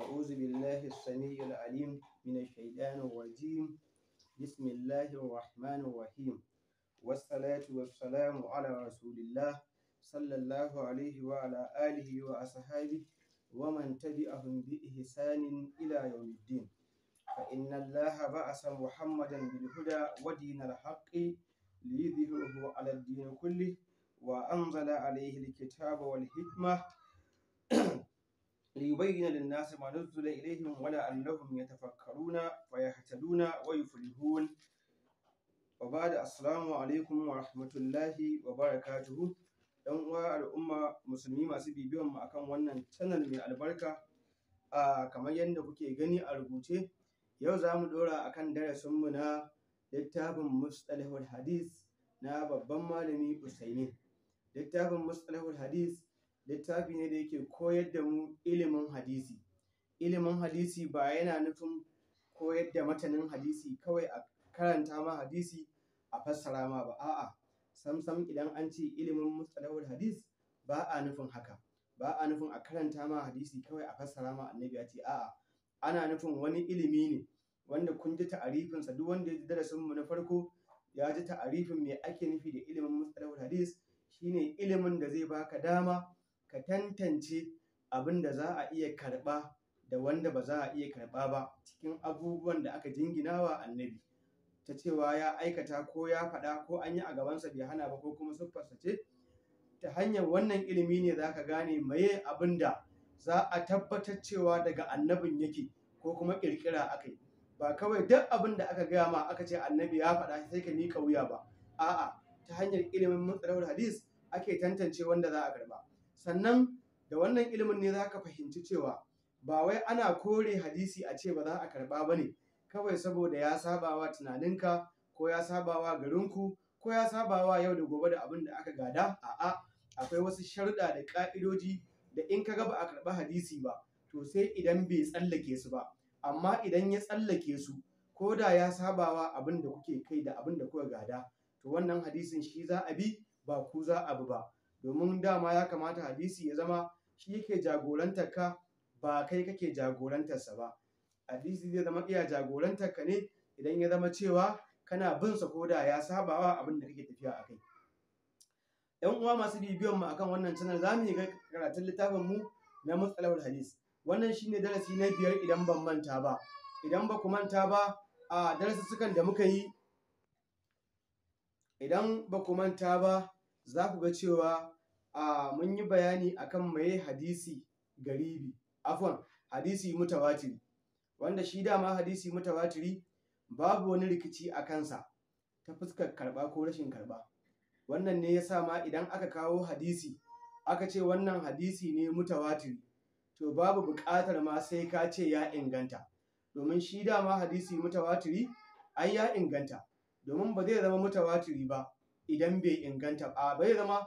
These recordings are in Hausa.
أعوذ بالله السميع العليم من الشيطان الرجيم بسم الله الرحمن الرحيم والصلاة والسلام على رسول الله صلى الله عليه وعلى آله وأصحابه ومن تبعهم بإحسان إلى يوم الدين فإن الله بعث محمدا بالهدى ودين الحق ليظهره على الدين كله وأنزل عليه الكتاب والحكمة ليبين للناس ما نزل إليهم ولعلهم يتفكرون ويهتدون ويفلحون وبعد السلام عليكم ورحمة الله وبركاته Dan uwa al'umma musulmi masu bibiyan mu akan wannan channel mai albarka a kamar yadda kuke gani a rubuce yau za mu ɗora akan darasinmu na littafin mustalahul hadis na babban malami usaini littafin mustalahul hadis littafi ne da yake koyar da mu ilimin hadisi ilimin hadisi ba yana nufin koyar da matanin hadisi kawai a karanta ma hadisi a fassara ma ba a'a samsam idan an ce ilimin mustalahul hadis ba a nufin haka ba a nufin a karanta ma hadisi kawai a fassara ma annabi ya ce a'a ana nufin wani ilimi ne wanda kun ji ta'arifinsa duk wanda ya ji darasin mu na farko ya ji ta'arifin me ake nufi da ilimin mustalahul hadis shine ilimin da zai baka dama ka tantance abin da za a iya karɓa da wanda ba za a iya karɓa ba cikin abubuwan da aka jingina wa annabi ta cewa ya aikata ko ya faɗa ko an yi a gabansa bai hana ba ko kuma siffarsa ce ta hanyar wannan ilimi ne za ka gane maye abin da za a tabbatar cewa daga annabin yake ko kuma ƙirƙira aka yi ba kawai duk abin da aka gaya ma aka ce annabi ya faɗa sai ka miƙa wuya ba a'a ta hanyar ilimin matsalar hadis ake tantance wanda za a karɓa sannan da wannan ilimin ne za ka fahimci cewa ba wai ana kore hadisi a ce ba za a karba ba ne kawai saboda ya sabawa tunaninka ko ya sabawa garinku ko ya sabawa yau da gobe da abin da aka gada a'a akwai wasu sharuɗa da ƙa'idoji da in ka ba a karɓa hadisi ba to sai idan bai tsallake su ba amma idan ya tsallake su ko da ya sabawa abin da kuke kai da abin da kuka gada to wannan hadisin shi za a bi ba ku za a bi ba domin dama ya kamata hadisi ya zama shi yake jagorantar ka ba kai kake jagorantarsa ba hadisi zai zama iya jagorantar ka ne idan ya zama cewa kana bin sa da ya saba wa abin da kake tafiya a kai yan uwa masu bibiyon mu akan wannan channel za mu yi karatun littafin mu na matsalar hadisi wannan shine darasi na biyar idan ban manta ba idan ba ku manta ba a sukan da muka yi idan ba ku manta ba za ku ga cewa a mun yi bayani akan maye hadisi garibi afon hadisi mutawatiri wanda shi dama hadisi mutawatiri babu wani rikici a kansa ta fuskar karba ko rashin karba wannan ne ya sa ma idan aka kawo hadisi aka ce wannan hadisi ne mutawatiri to babu buƙatar ma sai ka ce ya inganta domin shi dama hadisi mutawatiri an ya inganta domin ba zai zama mutawatiri ba idan bai inganta ba bai zama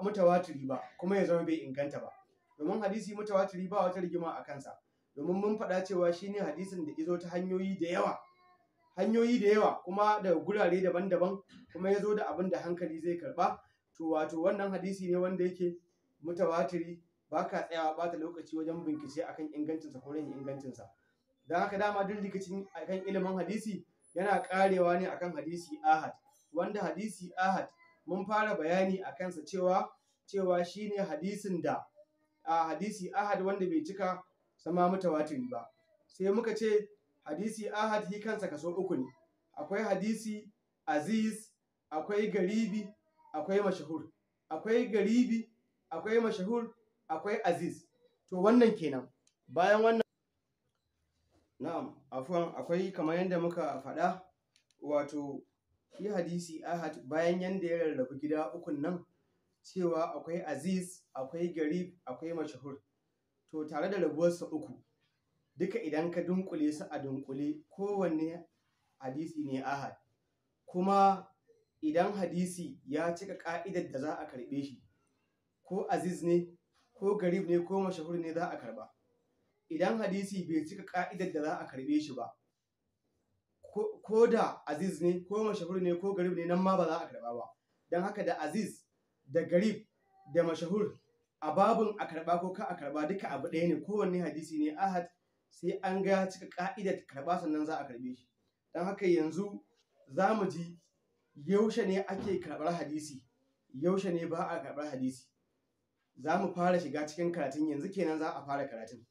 mutawatiri ba kuma ya zama bai inganta ba domin hadisi mutawatiri ba wata rigima a kansa domin mun faɗa cewa shi ne hadisin da izo ta hanyoyi da yawa hanyoyi da yawa kuma da gurare daban-daban kuma ya zo da abin da hankali zai karba to wato wannan hadisi ne wanda yake mutawatiri ba ka tsayawa ba ta lokaci wajen bincike akan ingancinsa ko rin ingancinsa don haka dama duk rikicin akan ilimin hadisi yana karewa ne akan hadisi ahad wanda hadisi ahad mun fara bayani a kansa cewa cewa ne hadisin da a hadisi ahad wanda bai cika sama mutawatiri ba sai muka ce hadisi ahad hi kansa kaso uku ne akwai hadisi aziz akwai garibi akwai mashahur akwai garibi akwai mashahur akwai aziz to wannan kenan bayan wannan na'am akwai kamar yadda muka faɗa wato Yi hadisi ahad bayan yanda ya rarrabu gida ukun nan cewa akwai aziz akwai garib akwai mashahur to tare da rabuwarsa uku duka idan ka dunkule su a dunkule kowanne hadisi ne ahad kuma idan hadisi ya cika ka'idar da za a karɓe shi ko aziz ne ko garib ne ko mashahur ne za a karɓa idan hadisi bai cika ka'idar da za a karɓe shi ba ko da aziz ne ko mashahur ne ko garib ne nan ma ba za a karba ba don haka da aziz da garib da mashahur a babin a karba ko ka a karba duka abu ɗaya ne kowanne hadisi ne ahad sai an ga cika ka'idar karba sannan za a karbe shi don haka yanzu za mu ji yaushe ne ake karbar hadisi yaushe ne ba a karɓar hadisi za mu fara shiga cikin karatun yanzu kenan za a fara karatun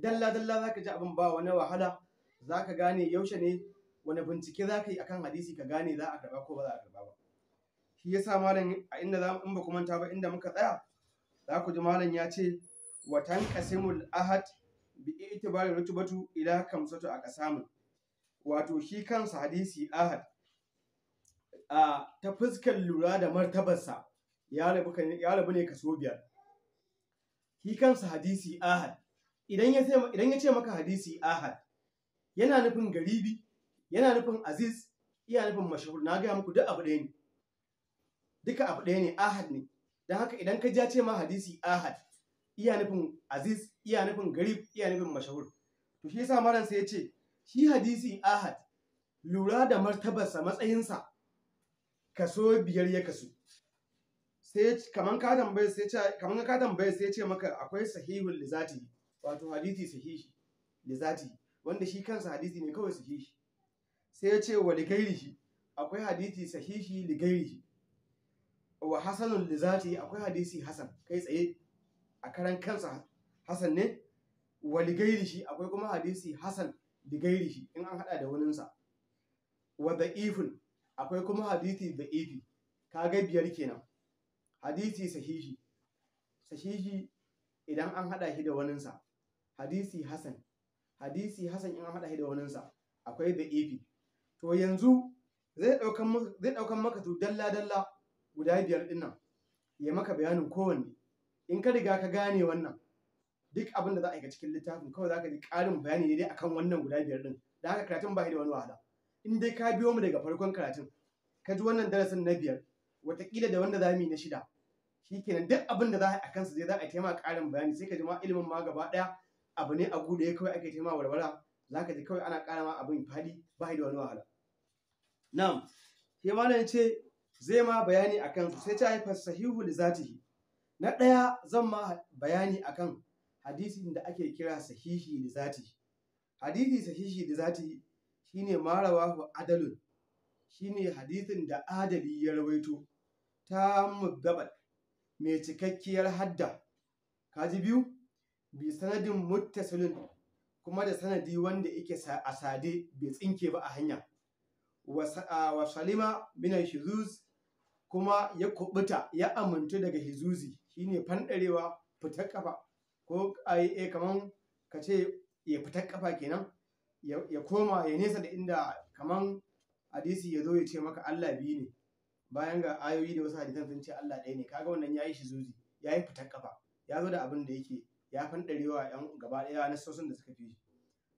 dalla dalla za ka ji abin ba wani wahala za ka gane yaushe ne wani bincike za ka yi akan hadisi ka gane za a karba ko ba za a karba ba shi yasa malam a inda za in ba ku manta ba inda muka tsaya za ku ji malam ya ce wa tanqasimul ahad bi itibari rutubatu ila kamsatu a kasamu wato shi kansa hadisi ahad a ta fuskar lura da martabarsa ya rabu ne kaso biyar shi kansa hadisi ahad idan ya ce maka hadisi ahad yana nufin garibi yana nufin aziz iya nufin mashahur na gaya muku duk abu ɗaya ne duka abu ɗaya ne ahad ne don haka idan ka ja ce ma hadisi ahad iya nufin aziz iya nufin garib iya nufin mashahur to shi yasa maran sai ya ce shi hadisi ahad lura da martabarsa matsayinsa kaso biyar ya kasu sai kaman ka tambaye sai ce kaman ka tambaye sai ce maka akwai sahihul lizati wato hadisi sahihi lizati wanda shi kansa hadisi ne kawai sahihi sai ya ce wa ligairihi akwai hadisi sahihi ligairihi wa hasanun li zati akwai hadisi hasan kai tsaye a karan kansa hasan ne wa ligairihi akwai kuma hadisi hasan ligairihi in an hada da waninsa wa da'ifin akwai kuma hadisi da'ifi ga biyar kenan hadisi sahihi sahihi idan an hada shi da waninsa hadisi hasan hadisi hasan in an hada shi da waninsa akwai da'ifi to yanzu zai ɗaukan maka su dalla-dalla guda biyar dinnan ya maka bayanin kowanne in ka riga ka gane wannan duk abin da za a yi ga cikin littafin kawai za ka ji ƙarin bayani ne dai akan wannan guda biyar din da haka karatun ba da wani wahala in dai ka biyo mu daga farkon karatun ka ji wannan darasin na biyar Wataƙila da wanda za mu yi na shida shikenan duk abin da za a yi a zai za a taimaka ƙarin bayani sai ka ji ma ilimin ma gaba ɗaya abu ne a gude kawai ake taimaka warwara zaka ji kawai ana ƙara ma abin faɗi ba da wani wahala na'am sai ce zai ma bayani a akan sai ta haifa sahihu da na ɗaya zan ma bayani a kan hadisin da ake kira sahihi li hadisi sahihi li shi shine ma adalun shine hadisin da adali ya rawaito ta mugabar mai cikakkiyar hadda kaji biyu bi sanadin muttasilin kuma da sanadi wanda yake a sade bai tsinke ba a hanya wa salima minan shizuz kuma ya kubuta ya amintu daga hizuzi shine fandarewa fitar kafa ko ai eh, kaman ka ya fitar kafa kenan ya koma ya nesa da inda kaman hadisi ya zo ya ce maka Allah biyu ne bayan ga ayoyi da wasu hadisan sun ce Allah ɗaya ne kaga wannan yayi shizuzi yayi fitar kafa ya zo da abin da yake ya fandarewa yan gaba ɗaya na sosun da suka fi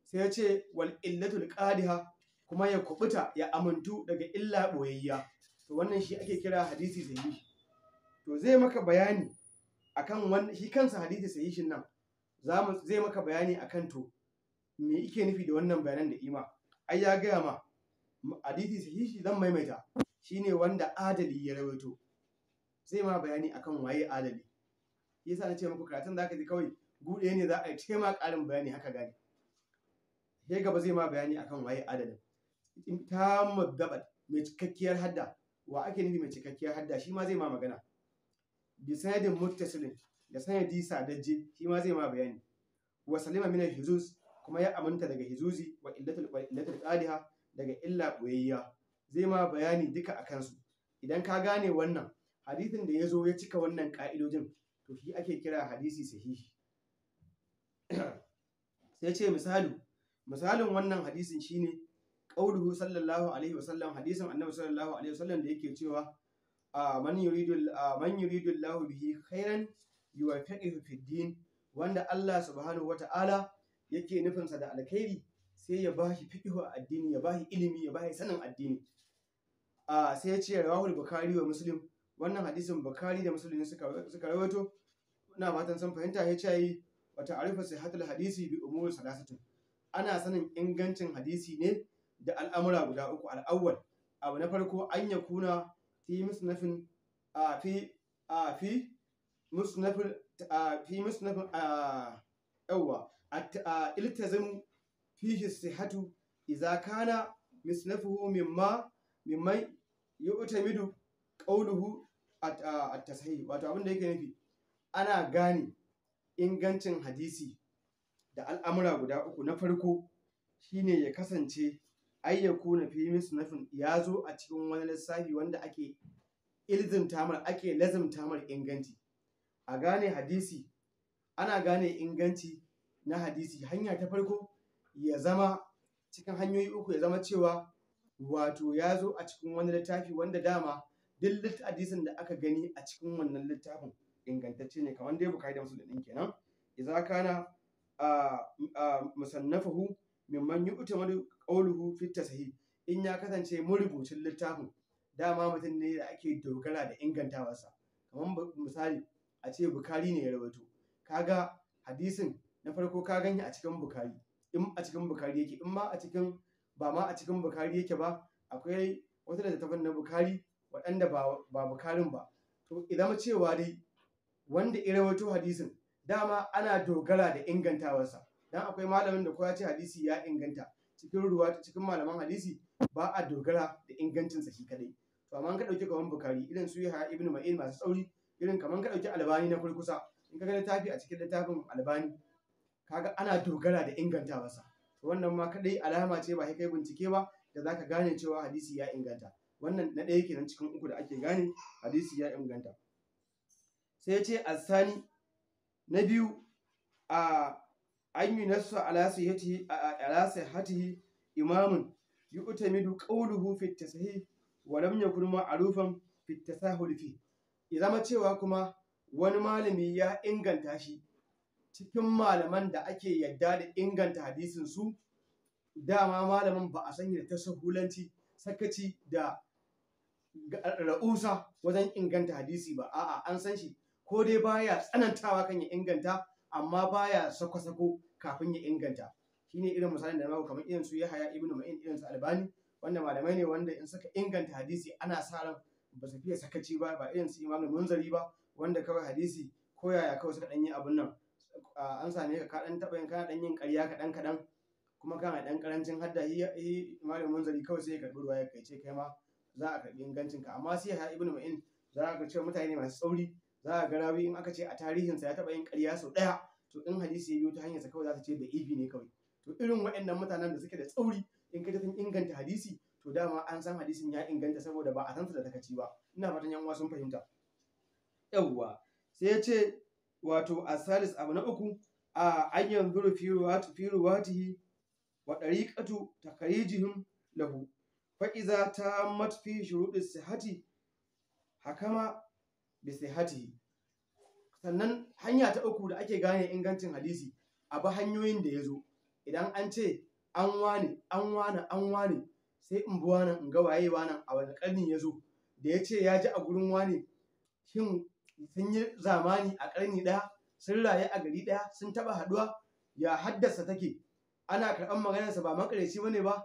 sai ya ce wal illatul qadiha kuma ya kubuta ya amintu daga illa boyayya to wannan shi ake kira hadisi sahihi to zai maka bayani akan wannan shi kansa hadisi sahihin nan zai maka bayani akan to me yake nufi da wannan bayanan da ima ai ya gaya ma hadisi shi zan maimaita shine wanda adali ya rawaito zai ma bayani akan waye adali yasa na ce muku karatun aka ji kawai gude ne za a yi ma ƙarin bayani haka gani sai gaba zai ma bayani akan waye adadin in ta mabdabat mai cikakkiyar hadda wa ake nufi mai cikakkiyar hadda shi ma zai ma magana bi sanadin muttasilin da sanadi Sadaje shi ma zai ma bayani wa salima min hizuz kuma ya aminta daga hizuzi wa illatul illatul daga illa boyayya zai ma bayani duka akan su idan ka gane wannan hadisin da ya zo ya cika wannan ka'idojin to shi ake kira hadisi sahihi sai ce misalu misalin wannan hadisin shine qauluhu sallallahu alaihi wasallam hadisin annabi sallallahu alaihi wasallam da yake cewa man yuridu man yuridu Allahu bihi khairan yuwaffiquhu fid din wanda Allah subhanahu wata'ala yake nufinsa da alkhairi sai ya bashi fiqhu addini ya bashi ilimi ya bashi sanin addini sai ya ce rawahul bukhari wa muslim wannan hadisin bukhari da muslim suka suka rawaito ina fatan san fahimta ya ce Wata wa sai hatar hadisi bi umuru salasatu. ana sanin ingancin hadisi ne da al'amura guda uku al'awwal abu na farko an ya kuna fi musnafin a fi a fi musnafin a fi musnafin a yawa iltazimu fihi sihhatu idza kana misnafuhu mimma mimman yu'tamidu qawluhu at-tasahih wato abinda yake nufi ana gane ingancin hadisi da al'amura guda uku na farko shine ya kasance ayyaku na fi fi misnafin ya zo a cikin wani lissafi wanda ake ilzimta Tamar ake inganci a gane hadisi ana gane inganci na hadisi hanya ta farko ya zama cikin hanyoyi uku ya zama cewa wato ya zo a cikin wani littafi wanda dama duk hadisin da aka gani a cikin wannan littafin ingantacce ne kamar dai bukari da musulun din kenan idza kana musannafahu mimman yu'tamadu qawluhu fi tasahi in ya kasance murubucin littafin dama mutun ne da ake dogara da ingantawarsa kamar misali a ce bukari ne ya rawaito kaga hadisin na farko ka ganye a cikin bukari in a cikin bukari yake in ma a cikin ba ma a cikin bukari yake ba akwai wata da ta na bukari waɗanda ba bukarin ba to idan cewa dai wanda ya hadisin dama ana dogara da ingantawarsa dan akwai malamin da kowa hadisi ya inganta cikin ruwa cikin malaman hadisi ba a dogara da ingancinsa shi kadai to amma ka dauki kaman bukari irin su yahya ibnu ma'in masu tsauri irin kaman ka dauki albani na kurkusa in ka ga littafi a cikin littafin albani kaga ana dogara da ingantawarsa to wannan ma kadai alama ce ba kai bincike ba da zaka gane cewa hadisi ya inganta wannan na ɗaya kenan cikin uku da ake gane hadisi ya inganta sai ya ce asani na biyu a an yi nasu alasai sihatihi imamun yu'tamidu qawluhu fi sahi wa lam yakun ma'rufan fi tasahul ya zama cewa kuma wani malami ya inganta shi cikin malaman da ake yadda da inganta hadisin su dama malamin ba a sanya da tasahulanci sakaci da ra'usa wajen inganta hadisi ba a'a an san shi ko dai baya tsanantawa kan ya inganta amma baya sako-sako kafin ya inganta Shi shine irin misalin da na kamar irin su Yahaya ibn Ma'in irin su Albani wanda malamai ne wanda in saka inganta hadisi ana sa ran ba su fiye sakaci ba ba irin su Imam Munzari ba wanda kawai hadisi ko yaya kawai suka dan yi abun nan an same ka ka dan taba yin kana dan yin ƙarya ka dan kadan kuma kana dan karancin hadda yi Imam Munzari kawai sai ka karbi ruwa ya kai ce kai ma za a karbi ingancin ka amma sai Yahaya ibnu Ma'in za ka ce mutane masu tsauri za a ga rawi in aka ce a tarihinsa ya taba yin ƙarya sau ɗaya to in hadisi ya yi ta hanyarsa kawai za ta ce da ibi ne kawai to irin waɗannan mutanen da suke da tsauri in ka tafin inganta hadisi to dama an san hadisin ya inganta saboda ba a san su da takaci ba ina fatan yan sun fahimta yawwa sai ya ce wato a asalis abu na uku a an yanzu fi ruwatihi wa ta takarijihim lahu Fa'iza ta matfi shuruɗin sihati hakama bi sihhatihi sannan hanya ta uku da ake gane ingancin hadisi a ba hanyoyin da ya zo idan an ce an wane an wane an wane sai in buwa nan in ga waye nan a wani karni ya zo da ya ce ya ji a gurin wani shin sun yi zamani a karni ɗaya sun raye a gari ɗaya sun taɓa haɗuwa ya haddasa take ana karɓar maganarsa ba makareci ba ne ba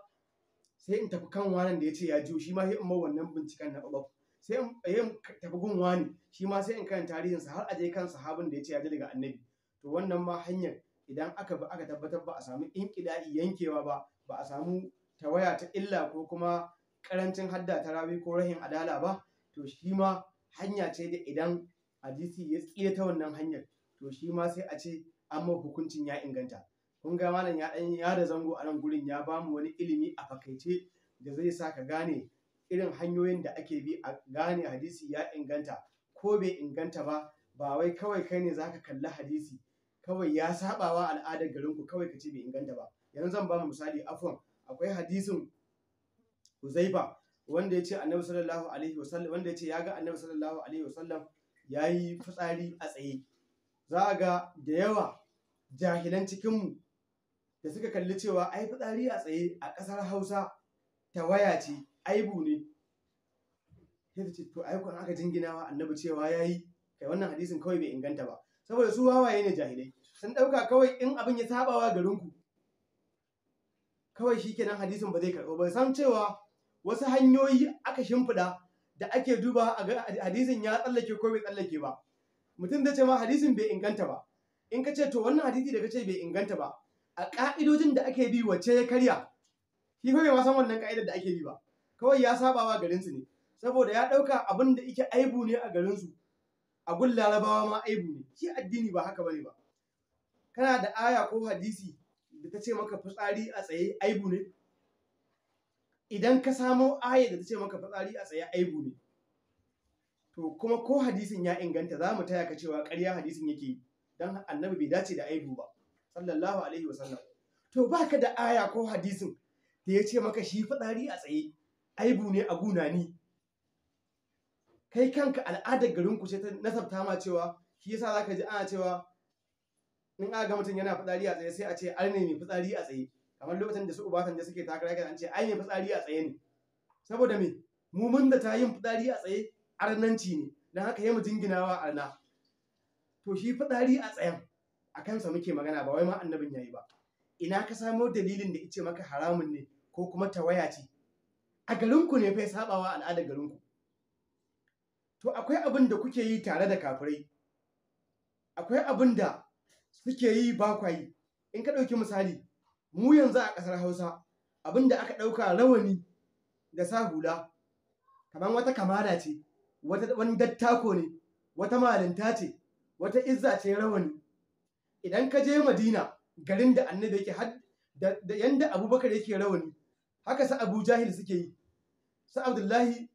sai in tafi kan wanan da ya ce ya ji shi ma sai in wannan binciken na ɓaɓɓau sai eh, in tafi gun wani shi ma sai in kan sa har aje kan sahabin da ya ce ya ji daga annabi to wannan ma hanyar idan aka bi aka tabbatar ba a samu inkida'i yankewa ba ba a samu tawaya ta illa ko kuma karancin hadda ta rawi ko rahin adala ba to shi ma hanya ce da idan hadisi ya tsira ta wannan hanyar to shi ma sai a ce an ma hukuncin ya inganta kun ga malam ya dan ya da zango a nan gurin ya bamu wani ilimi a fakaice da zai sa ka gane irin hanyoyin da ake bi a gane hadisi ya inganta ko bai inganta ba ba wai kawai kai ne zaka kalli hadisi kawai ya sabawa al'adar garin ku kawai ka ce bai inganta ba yanzu zan ba misali afwan akwai hadisin huzaifa wanda ya ce annabi sallallahu alaihi wasallam wanda ya ce ga annabi sallallahu alaihi wasallam ya yi fitsari a tsaye za a ga da yawa jahilan cikinmu da suka kalli cewa ai fitsari a tsaye a ƙasar hausa ta waya ce aibu ne sai ta ce to ai kun aka wa annabi cewa yayi kai wannan hadisin kawai bai inganta ba saboda su wawaye ne jahilai sun dauka kawai in abin ya sabawa garin ku kawai shikenan hadisin ba zai karbo ba san cewa wasu hanyoyi aka shimfida da ake duba a ga hadisin ya tsallake ko bai tsallake ba mutum da ce ma hadisin bai inganta ba in ka ce to wannan hadisi da ka ce bai inganta ba a ka'idojin da ake bi wacce ya karya shi bai ma san wannan ka'idar da ake bi ba kawai ya saba wa garinsu ne saboda ya ɗauka abin da yake aibu ne a garinsu a gun larabawa ma aibu ne shi addini ba haka bane ba kana da aya ko hadisi da ta ce maka fitsari a tsaye aibu ne idan ka samo aya da ta ce maka fitsari a tsaye aibu ne to kuma ko hadisin ya inganta za mu taya ka cewa ƙarya hadisin yake yi don annabi bai dace da aibu ba sallallahu alaihi wasallam to baka da aya ko hadisin da ya ce maka shi fitsari a tsaye aibu ne a guna ni kai kanka al'adar garin ku ce ta nasabta ma cewa shi yasa za ka ji ana cewa in aka ga mutum yana fitsari a tsaye sai a ce ai ne mai fitsari a tsaye kamar lokacin da su ubatan da suke takara kan an ce ai ne fitsari a tsaye ne saboda me mu mun da ta yin fitsari a tsaye arnanci ne dan haka yamu jinginawa arna to shi fitsari a tsayen a kansa muke magana ba wai ma annabin yayi ba ina ka samo dalilin da ice maka haramun ne ko kuma tawaya ce a garinku ne fai sabawa al'adar garinku to akwai abin da kuke yi tare da kafirai akwai abin da suke yi bakwayi? in ka ɗauki misali mu yanzu a ƙasar hausa abin da aka ɗauka rawani da sa hula kamar wata kamala ce wani dattako ne wata malinta ce wata izza ce rawani idan ka je madina garin da annabi yake da yanda abubakar yake rawani haka sa abu jahil suke yi sa abdullahi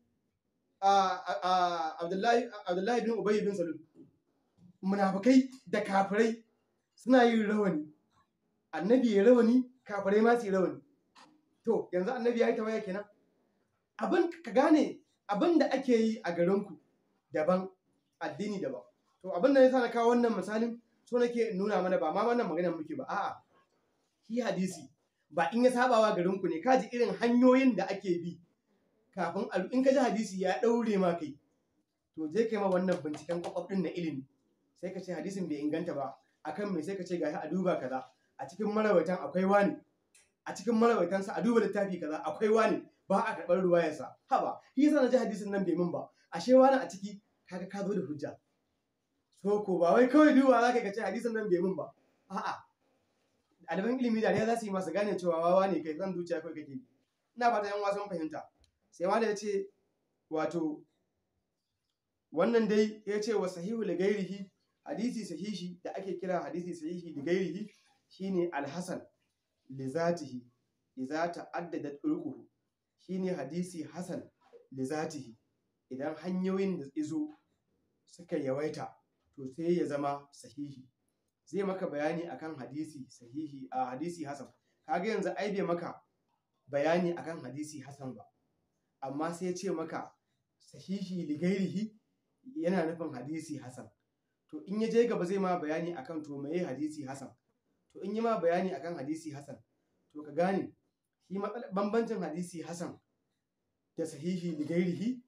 abdullahi bin ubayi bin salul munafukai da kafirai suna yin rawani annabi ya rawani kafirai ma su yi rawani to yanzu annabi ya yi tawaya kenan abin ka gane abin da ake yi a garinku daban addini daban to abin da yasa na kawo wannan misalin so nake nuna mana ba ma wannan maganar muke ba a'a shi hadisi ba in ya sabawa garin ku ne ka ji irin hanyoyin da ake bi kafin in ka ji hadisi ya daure ma kai to je kai ma wannan binciken kwakwaf din na ilimi sai ka ce hadisin bai inganta ba akan me sai ka ce gashi a duba kaza a cikin marawaitan akwai wani a cikin marawaitan sa a duba littafi kaza akwai wani ba a karɓar ruwayar sa haba shi yasa na ji hadisin nan bai min ba ashe wani a ciki kaga ka zo da hujja so ko ba wai kawai duba zaka ka ce hadisin nan bai min ba a'a ɗaliban ilimi da ne za su yi masu gane cewa wawa ne kai Zan zuciya kai kake ina fata yan wasan fahimta sai ma da ya ce wato wannan dai ya ce wa sahihu da gairihi hadisi sahihi da ake kira hadisi sahihi da gairihi shine alhasan li zatihi idza ta'addadat urquhu shine hadisi hasan li zatihi idan hanyoyin da izo suka yawaita to sai ya zama sahihi zai maka bayani akan hadisi sahihi a hadisi hasan kaga yanzu ai bai maka bayani akan hadisi hasan ba amma sai ce maka sahihi ligairihi yana nufin hadisi hasan to in ya je gaba zai ma bayani akan to meye hadisi hasan to in yi ma bayani akan hadisi hasan to ka gane shi bambancin hadisi hasan da sahihi ligairihi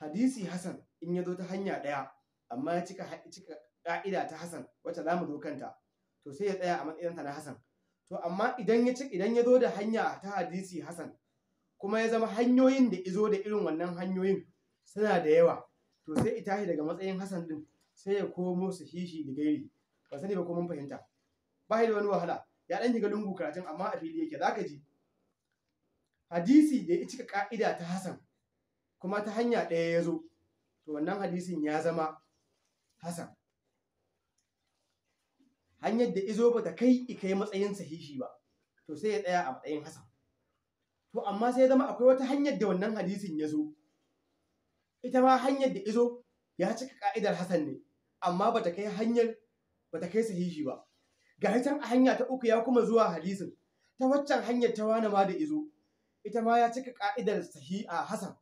hadisi hasan in ya zo ta hanya ɗaya amma ya cika Ka'ida ta Hassan wacce za mu zo kanta to sai ya tsaya a matsayinsa na Hassan to amma idan ya ci idan ya zo da hanya ta hadisi Hassan kuma ya zama hanyoyin da izo da irin wannan hanyoyin suna da yawa to sai ita shi daga matsayin Hassan din sai ya komo su hishi da gairi ba sani ba ko mun fahimta ba da wani wahala ya dan ga lungu karatun amma a fili yake zaka ji hadisi da ya cika ka'ida ta Hassan kuma ta hanya ɗaya ya zo to wannan hadisin ya zama Hassan hanyar da izo ba ta kai matsayin sahihi ba to sai ya tsaya a matsayin hasan to amma sai zama akwai wata hanyar da wannan hadisin ya zo ita ma hanyar da izo ya cika ka'idar hasan ne amma ba ta kai hanyar ba ta kai sahihi ba ga hitan a hanya ta uku ya kuma zuwa hadisin ta waccan hanyar ta wani ma da izo ita ma ya cika ka'idar sahiha hasan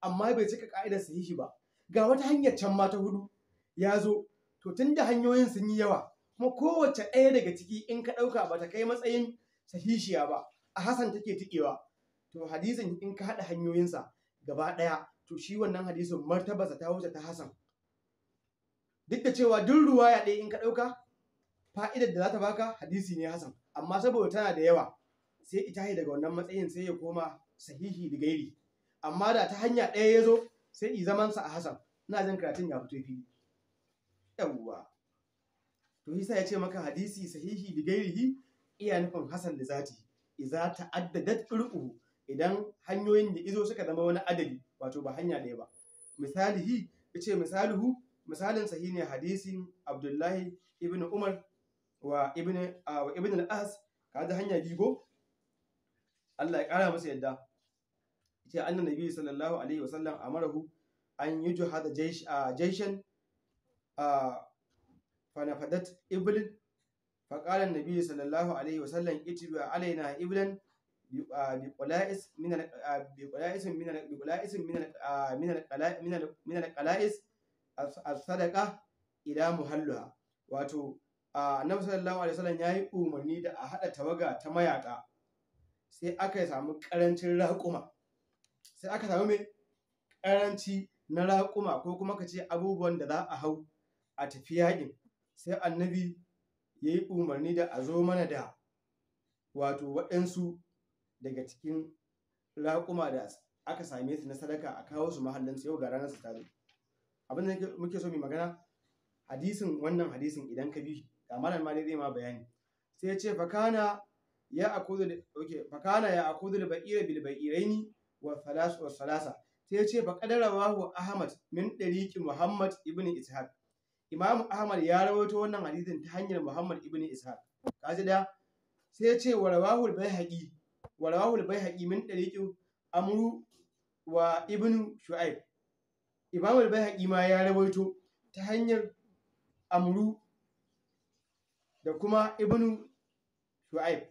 amma bai cika ka'idar sahihi ba ga wata hanyar can ma ta hudu ya zo to tunda hanyoyin sun yi yawa kuma kowace ɗaya daga ciki in ka ɗauka ba ta kai matsayin sahishiya ba a hasan take tikewa to hadisin in ka haɗa hanyoyinsa gaba ɗaya to shi wannan hadisin martabarsa ta wuce ta hasan duk da cewa duk ruwaya ɗaya in ka ɗauka fa'idar da za ta baka hadisi ne hasan amma saboda tana da yawa sai ita yi daga wannan matsayin sai ya koma sahihi da gairi amma da ta hanya ɗaya ya zo sai i zamansa a hasan ina jin karatun ya fito fili yawwa to yasa ya ce maka hadisi sahihi da gairihi iya nufin hasan da zati ta ta'addadat irquhu idan hanyoyin da izo suka zama wani adadi wato ba hanya ɗaya ba misalihi ce misalihu misalin sahihi ne hadisin Abdullahi ibn Umar wa ibn al'as ka haɗa hanya bigo Allah ya ƙara masa yadda ce yace biyu sallallahu alaihi wasallam marahu an yi hada jaysh jayshan fanafadat iblin faƙalar nabi sallallahu alaihi wasallam itibi alaina iblan biƙula'is minar ƙala'is a sadaka ila muhalluwa, wato nan sallallahu alaihi wasallam ya yi umarni da a haɗa tawaga ta mayaƙa sai aka samu ƙarancin raƙuma sai aka samu mai ƙaranci na raƙuma ko kuma ka ce abubuwan da za a hau a tafi yaƙin sai annabi ya yi umarni da a zo mana da wato waɗansu daga cikin raƙuma da aka same su na sadaka a kawo su mahallinsu yau ga ranar su ta zo abin da muke so mai magana hadisin wannan hadisin idan ka bi ga malam ma zai ma bayani sai ya ce fakana ya akudu okay fakana ya akudu baira bil ba'iraini wa thalas wa salasa sai ya ce fa qadarawahu ahmad min dariqi muhammad ibn ishaq Imam Ahmad ya rawaito wannan hadisin ta hanyar Muhammad ibn Ishaq. Kaji da sai ce wa rawahul Baihaqi wa Baihaqi min dariqin Amru wa Ibn Shu'aib. Imam al-Baihaqi ma ya rawaito ta hanyar Amru da kuma Ibn Shu'aib.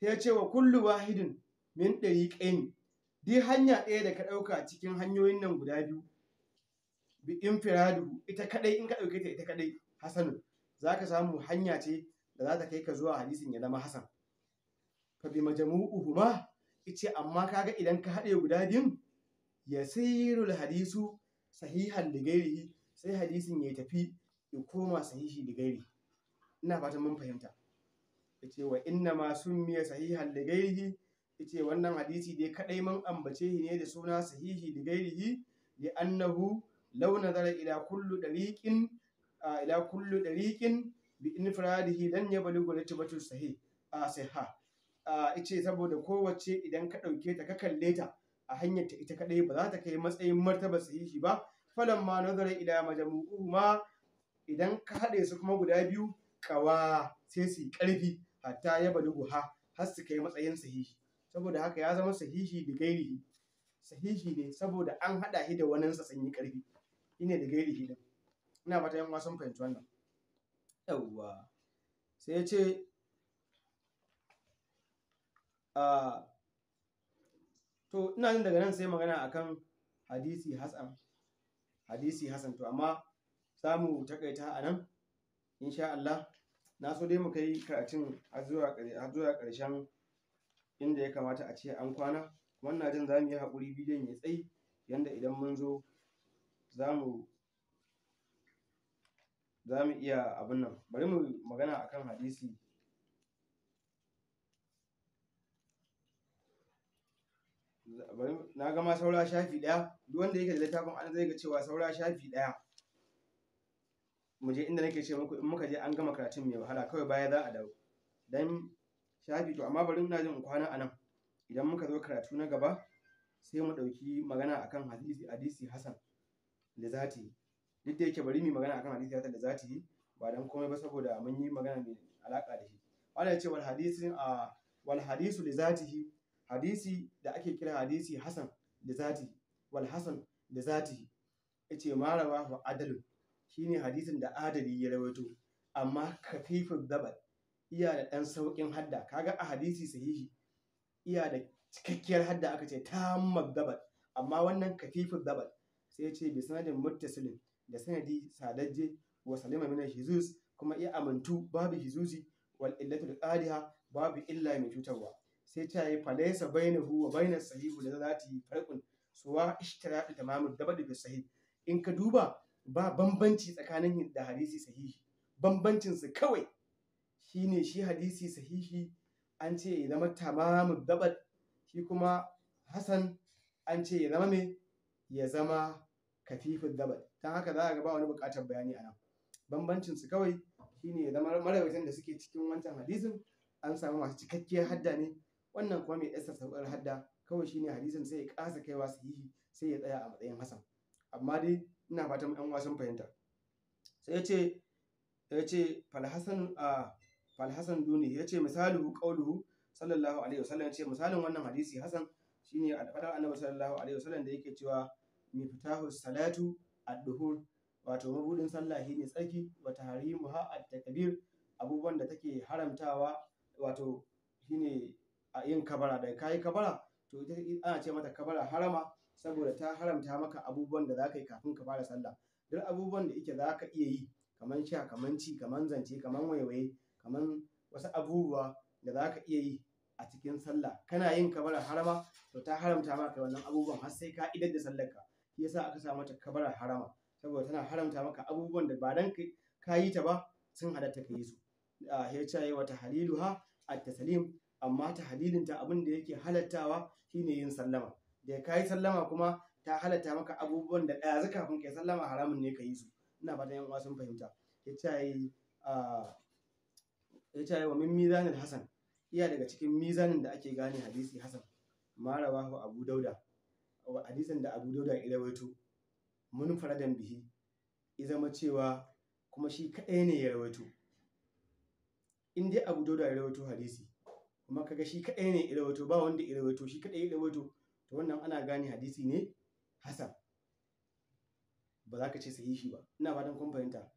Sai ce wa kullu wahidin min dariqain. Di hanya ɗaya da ka ɗauka cikin hanyoyin nan guda biyu bi infiradu ita kadai in ka dauke ta ita kadai hasanun zaka samu hanya ce da za ta kai ka zuwa hadisin ya zama hasan fa bi huma ice amma kaga idan ka haɗe guda biyun yasirul hadisu sahihan digairihi sai hadisin ya tafi ya koma sahihi da ina fatan mun fahimta yace wa inna ma miya sahihan digairihi gairihi yace wannan hadisi dai kadai mun ambace ne da suna sahihi digairihi gairihi li annahu law nazara ila kullu dariqin ila kullu dariqin bi infiradihi dan ya baligu ritibatu sahih a sahha ice saboda kowace idan ka ɗauke ta ka kalle ta a hanyar ta ita kaɗai ba za ta kai matsayin martaba sahihi ba falan ma nazara ila majamu'u ma idan ka haɗe su kuma guda biyu kawa sai su ƙarfi hatta ya balugu ha har su kai matsayin sahihi saboda haka ya zama sahihi da gairihi sahihi ne saboda an haɗa shi da waninsa sun yi ƙarfi ina da gairi hilin ina fata yan wasan fahimci wannan yawwa sai ya ce ah, to ina jin daga nan sai magana akan hadisi hasan hadisi hasan to amma samu takaita a nan insha Allah na so dai mu kai karatun har zuwa karshen inda ya kamata a ce an kwana wannan jin za mu yi haƙuri bidiyon ya tsayi yanda idan mun zo za mu iya abin nan bari mu magana akan hadisi na gama saura shafi ɗaya duk wanda yake da littafin an zai ga cewa saura shafi ɗaya mu je inda nake ce muku in muka je an gama karatun mai wahala kawai baya za a dawo dan shafi to amma bari ina jin in kwana anan idan muka zo karatu na gaba sai mu ɗauki magana akan hadisi hadisi hasan da yi duk da yake bari mu magana akan hadisi za ta yi ba dan komai ba saboda mun yi magana mai alaka da shi wala ya ce wal hadisi a wal hadisu li zatihi hadisi da ake kira hadisi hasan li zatihi wal hasan li zatihi yace ma wa adal shine hadisin da adali ya rawaito amma kafifin dabal iya da dan saukin hadda kaga a hadisi sahihi iya da cikakkiyar hadda aka ce tamma dabal amma wannan kafifin dabal sai ya ce bi sanadin muttasilin da sanadi sadajje wa salima mina hizuz kuma iya amintu babu hizuzi wal illatul qadiha babu illa mai cutarwa sai ta yi falaisa bainahu wa bainas sahihu da zati farkun suwa da tamamud dabadi da sahih in ka duba ba bambanci tsakanin da hadisi sahihi bambancin su kawai shine shi hadisi sahihi an ce ya zama tamamud dabad shi kuma hasan an ce ya zama me ya zama kafifin dabal, don haka za a gaba ba wani buƙatar bayani a nan bambancin su kawai shine ya zama marawacin da suke cikin wancan hadisin an samu masu cikakkiyar hadda ne wannan kuma mai ɗasa sauƙar hadda kawai shine hadisin sai ya ƙasa kaiwa yi sai ya tsaya a matsayin hasan amma dai ina fatan yan wasan fahimta sai ya ce ya ce falhasan a falhasan duni ya ce misalihu qauluhu sallallahu alaihi wasallam ya ce misalin wannan hadisi hasan shine alfadar annabi sallallahu alaihi wasallam da yake cewa miftahu salatu ad-duhur wato mabudin sallah shine tsarki wa tahrimuha at-takbir abubuwan da take haramtawa wato shine a yin kabara da kayi kabara to ita ana ce mata kabara harama saboda ta haramta maka abubuwan da zaka yi kafin ka fara sallah duk abubuwan da yake zaka iya yi kaman sha kaman ci kaman zance kaman waiwaye kaman wasu abubuwa da zaka iya yi a cikin sallah kana yin kabara harama to ta haramta maka wannan abubuwan har sai ka idar da sallarka. shi yasa aka sa mata kabara harama saboda tana haramta maka abubuwan da ba dan ka yi ta ba sun halatta ka yi su ah, a hicaye wata haliluha at taslim amma ta halilinta abin da yake halattawa shine yin sallama da ka yi sallama kuma ta halatta maka abubuwan da ɗazu kafin ka yi sallama haramun ne ka yi su ina fata yan uwa sun fahimta hicaye ya ah, wa min mizanin hasan iya daga cikin mizanin da ake gane hadisi hasan ma rawahu abu dauda wa hadisin da abu dauda ya rawaito mun faradan bihi ya zama cewa kuma shi kadai ne ya rawaito in dai abu dauda ya rawaito hadisi kuma kaga shi kadai ne ya rawaito ba wanda ya rawaito shi kadai ya rawaito to wannan ana gane hadisi ne hasan ba za ka ce sahihi ba ina fatan kun fahimta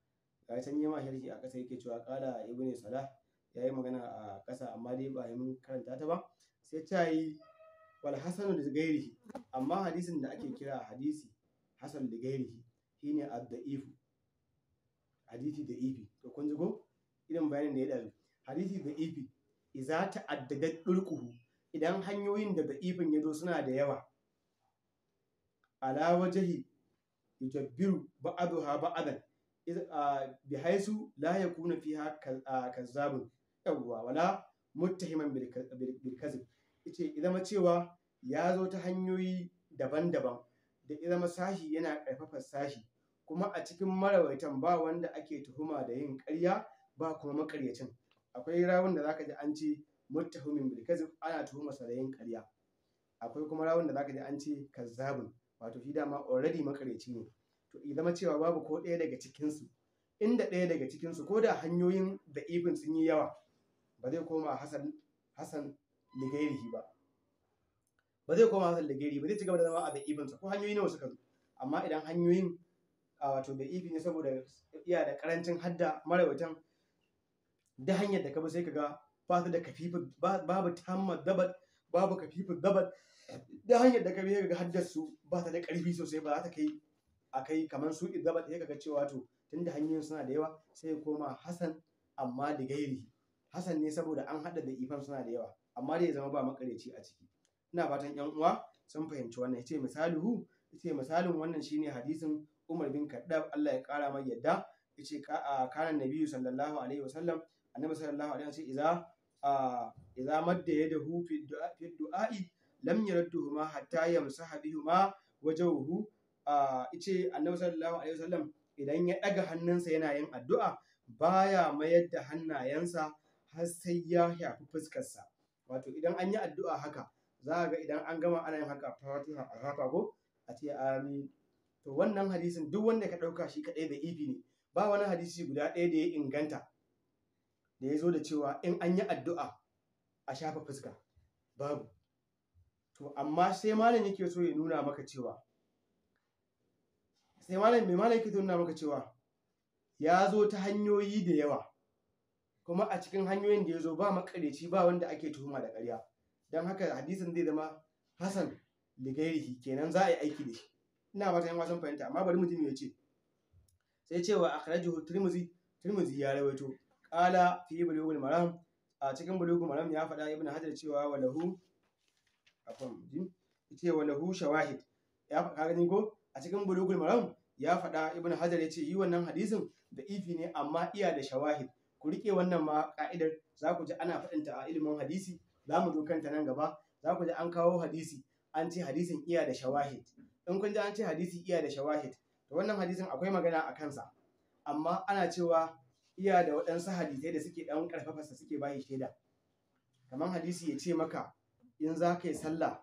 ga can yema sharhi a ƙasa yake cewa ƙala ibnu salah ya yi magana a ƙasa amma dai ba mun karanta ta ba sai ta yi wal hasanu li ghairihi amma hadisin da ake kira hadisi hasan li ghairihi shine ad-da'if hadisi da ifi to kun ji ko idan bayanin da ya dalu hadisi da ifi ta addada turquhu idan hanyoyin da da'ifin ya zo suna da yawa ala wajhi yujabbiru ba'daha ba'dan bi haisu la yakuna fiha kazzabun yawwa wala muttahiman bil kazib ita ya zama cewa ya zo ta hanyoyi daban-daban da ya zama sashi yana ƙarfafar sashi kuma a cikin marawaitan ba wanda ake tuhuma da yin ƙarya ba kuma makaryacin akwai rawun da zaka ji an ce muttahimin bil ana tuhuma sa da yin ƙarya akwai kuma rawun da zaka ji an ce kazzabun wato shi dama already makaryaci ne to ya zama cewa babu ko ɗaya daga cikin su inda ɗaya daga cikin su ko da hanyoyin da ibin sun yi yawa ba zai koma hasan hasan ligairihi ba ba zai koma masa ligairi ba zai ci gaba da zama a da'ifinsa ko hanyoyi nawa suka zo amma idan hanyoyin a wato da'ifi ne saboda iya da karancin hadda marawatan da hanyar da ka bi sai ka ga ba su da kafifu babu tamma dabat babu kafifu dabat da hanyar da ka bi ga haddar su ba ta da karfi sosai ba za ta kai a kai kamar su dabat sai kaga cewa to tunda hanyoyin suna da yawa sai koma hasan amma da gairi hasan ne saboda an hada da ifan suna da yawa amma dai ya zama ba makareci a ciki ina fatan yan uwa sun fahimci wannan yace misaluhu yace misalin wannan shine hadisin Umar bin Kaddab Allah ya kara mai yadda yace kana Nabi sallallahu alaihi wasallam annabi sallallahu alaihi wasallam idza idza madda yadahu fi du'a fi du'a'i lam ma hatta yamsaha bihuma wajhuhu yace annabi sallallahu alaihi wasallam idan ya daga hannunsa yana yin addu'a baya mayar da hannayensa har sai ya shafi fuskarsa wato idan an yi addu'a haka za ga idan an gama ana yin haka fatiha a haka ko a ce amin to wannan hadisin duk wanda ka ɗauka shi kaɗai da ifi ne ba wani hadisi guda ɗaya da ya inganta da ya zo da cewa in an yi addu'a a shafa fuska babu to amma sai malam yake so ya nuna maka cewa sai malam mai malam yake nuna maka cewa ya zo ta hanyoyi da yawa kuma a cikin hanyoyin da ya zo ba makareci ba wanda ake tuhuma da ƙarya don haka hadisin zai zama hasan ligairihi kenan za a yi aiki da shi ina ba ta yi wasan fahimta amma bari mutum ya ce sai cewa akhrajahu turmuzi turmuzi ya rawaito ƙala fi bulugul maram a cikin bulugul maram ya faɗa ibnu hajar cewa walahu afwan ji ce walahu shawahid ya faɗa gani ko a cikin bulugul maram ya faɗa ibnu hajar ya ce yi wannan hadisin da ifi ne amma iya da shawahid ku rike wannan ma ka'idar za ku ji ana faɗinta a ilimin hadisi za mu zo kanta nan gaba za ku ji an kawo hadisi an ce hadisin iya da shawahid in kun ji an ce hadisi iya da shawahid to wannan hadisin akwai magana a kansa amma ana cewa iya da waɗansu hadisai da suke ɗan ƙarfafarsa suke bayi shaida kamar hadisi ya ce maka in za ka yi sallah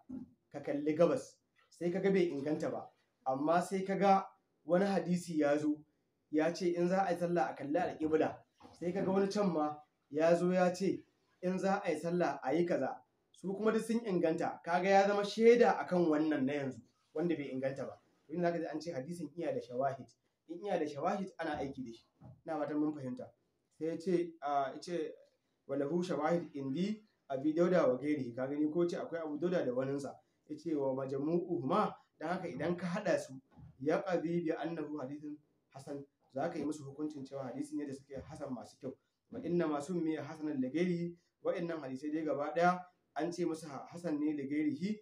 ka kalli gabas sai ka ga bai inganta ba amma sai ka ga wani hadisi ya zo ya ce in za a yi sallah a kalli alƙibla sai kaga wani can ma ya zo ya ce in za a yi sallah a yi kaza su kuma duk sun inganta kaga ya zama shaida akan wannan na yanzu wanda bai inganta ba yin zaka ji an ce hadisin iya da shawahid in iya da shawahid ana aiki da shi ina fatan mun fahimta sai ya ce a ce walahu shawahid indi abi dauda wa gairi ka gani ko ce akwai abu dauda da waninsa ya ce wa ma dan haka idan ka hada su ya qabi bi annahu hadithun hasan za ka yi musu hukuncin cewa hadisi ne da suke hasan masu kyau wa inna masu miya hasanan da gairihi wa'annan hadisai dai gaba daya an ce musu hasan ne da gairihi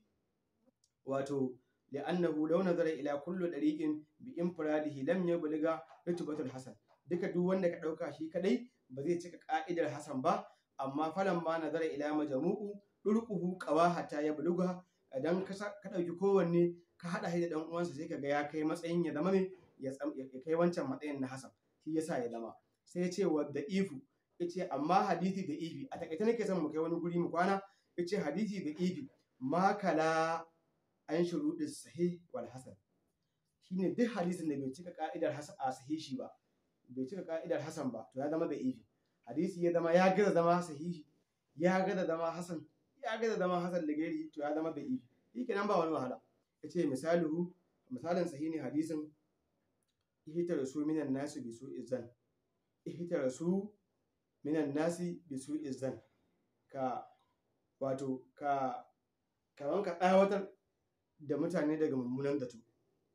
wato li'annahu law nazara ila kullu dariqin bi infiradihi lam yabliga rutubatul hasan duka duk wanda ka ɗauka shi kaɗai ba zai cika ƙa'idar hasan ba amma falan ma nazara ila majmu'u durquhu ya buluga? idan ka ɗauki kowanne ka hada shi da dan uwansa sai ka ga ya kai matsayin ya zama mai ya kai wancan matsayin na hasan shi yasa ya zama sai ya ce wa da ifu ce amma hadisi da ifi a takaita nake son mu kai wani guri mu kwana ce hadisi da ifi makala an da sahih wal hasan shine duk hadisin da bai cika ka'idar hasan a shi ba bai cika ka'idar hasan ba to ya zama da ifi hadisi ya zama ya gaza zama sahihi ya gaza zama hasan ya gaza zama hasan da gairi to ya zama da ifi shi kenan ba wani wahala yace misalihu misalin sahihi hadisin ihitar su minan nasi bi su izan ihitar su minan nasi bi su izan ka wato ka kaman ka tsawatar da mutane daga mummunan zato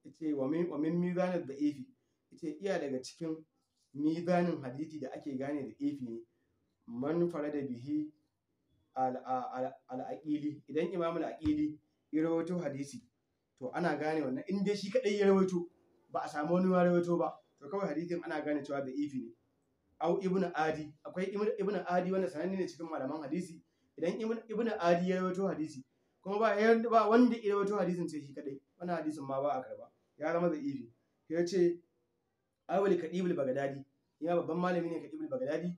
ita yi min wa min mizanin da ifi yace iya daga cikin mizanin hadisi da ake gane da ifi ne man da bihi al'aƙili idan imam al'aƙili ya rawaito hadisi to ana gane wannan in shi kaɗai ya rawaito ba a samu wani rawaito ba to kawai hadithin ana gane cewa da ifi ne au ibnu adi akwai ibnu adi wanda sananne ne cikin malaman hadisi idan ibnu adi ya rawaito hadisi kuma ba ba wanda ya rawaito hadisin sai shi kadai wannan hadisin ma ba a karba ya zama da ifi ya ce awali kadibul bagdadi ya babban malami ne kadibul bagdadi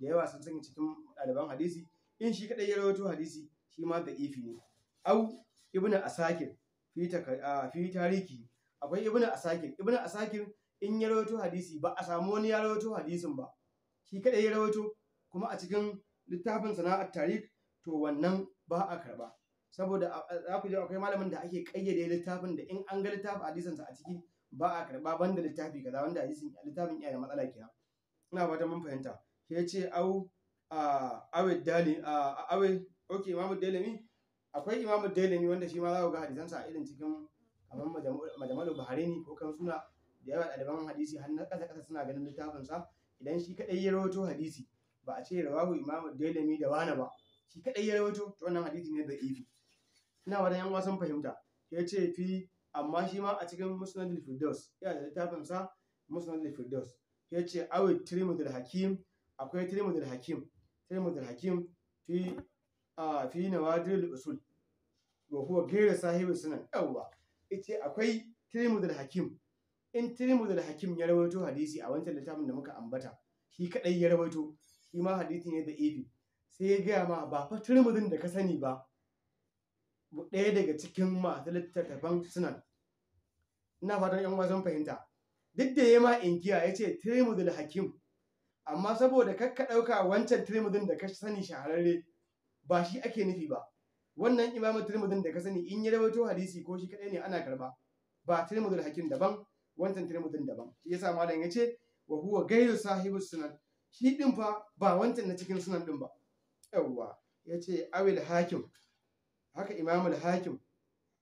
da yawa sun sanya cikin daliban hadisi in shi kadai ya rawaito hadisi shi ma da ifi ne au ibnu asakir fi tariki akwai ibn asakir ibn asakir in ya rawaito hadisi ba a samu wani ya rawaito hadisin ba shi kada ya rawaito kuma a cikin littafin sana'ar tarik to wannan ba a karba saboda za ku ji akwai malamin da ake kayyade littafin da in an ga littafin hadisin sa a ciki ba a karba banda littafi kaza wanda hadisin littafin iya da matsala kenan ina fatan mun fahimta ke yace au awe dali awe okay imamu dalimi akwai imamu dalimi wanda shi ma za ku ga hadisan sa a irin cikin amma buhari ne ko kan suna da yawa ɗaliban hadisi har na ƙasa ƙasa suna ganin sa idan shi kaɗai ya rawato hadisi ba a ce rawahu imamu dalami da wani ba shi kaɗai ya rawato to wannan hadisi ne da ifi ina wadan yan wasan fahimta ya ce fi amma shi ma a cikin musnad firdaus yana da littafinsa sa firdaus ya ce awi trimudul hakim akwai trimudul hakim trimudul hakim fi a fi nawadir usul wa huwa ghayr sahibi sunan yawwa ita akwai tirmidhul hakim in tirmidhul hakim ya rawaito hadisi a wancan littafin da muka ambata shi kadai ya rawaito shi ma hadisi ne da ibi sai ya gaya ma ba fa tirmidhin da ka sani ba ɗaya daga cikin masu littattafan sunan ina fatan yan wajen fahimta duk da ya ma inkiya ya ce tirmidhul hakim amma saboda kakka ɗauka wancan tirimuzin da ka sani shahararre ba shi ake nufi ba wannan imamu tirmidhin da ka sani in ya rawaito hadisi ko shi kadai ne ana karba ba tirmidhul hakim daban wancan tirmidhin daban shi yasa malam yace wa huwa ghayru sahibi sunan shi din fa ba wancan na cikin sunan din ba yawwa yace awil hakim haka al hakim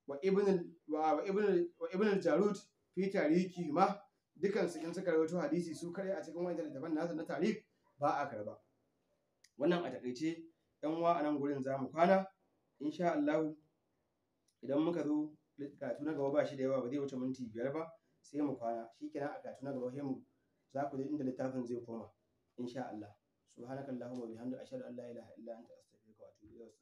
wa ibn wa ibn wa ibn jarud fi tarihi ma dukan su in suka rawaito hadisi su kare a cikin wancan daban nasa na tarihi ba a karba wannan a takaice yan wa anan gurin zamu kwana insha Allah idan muka zo karatu na gaba ba shi da yawa ba zai wuce minti biyar ba sai mu kwana shikenan a karatu na gaba sai mu za ku je inda littafin zai koma insha Allah subhanakallahumma wa bihamdika ashhadu an la ilaha illa anta astaghfiruka wa atubu ilayk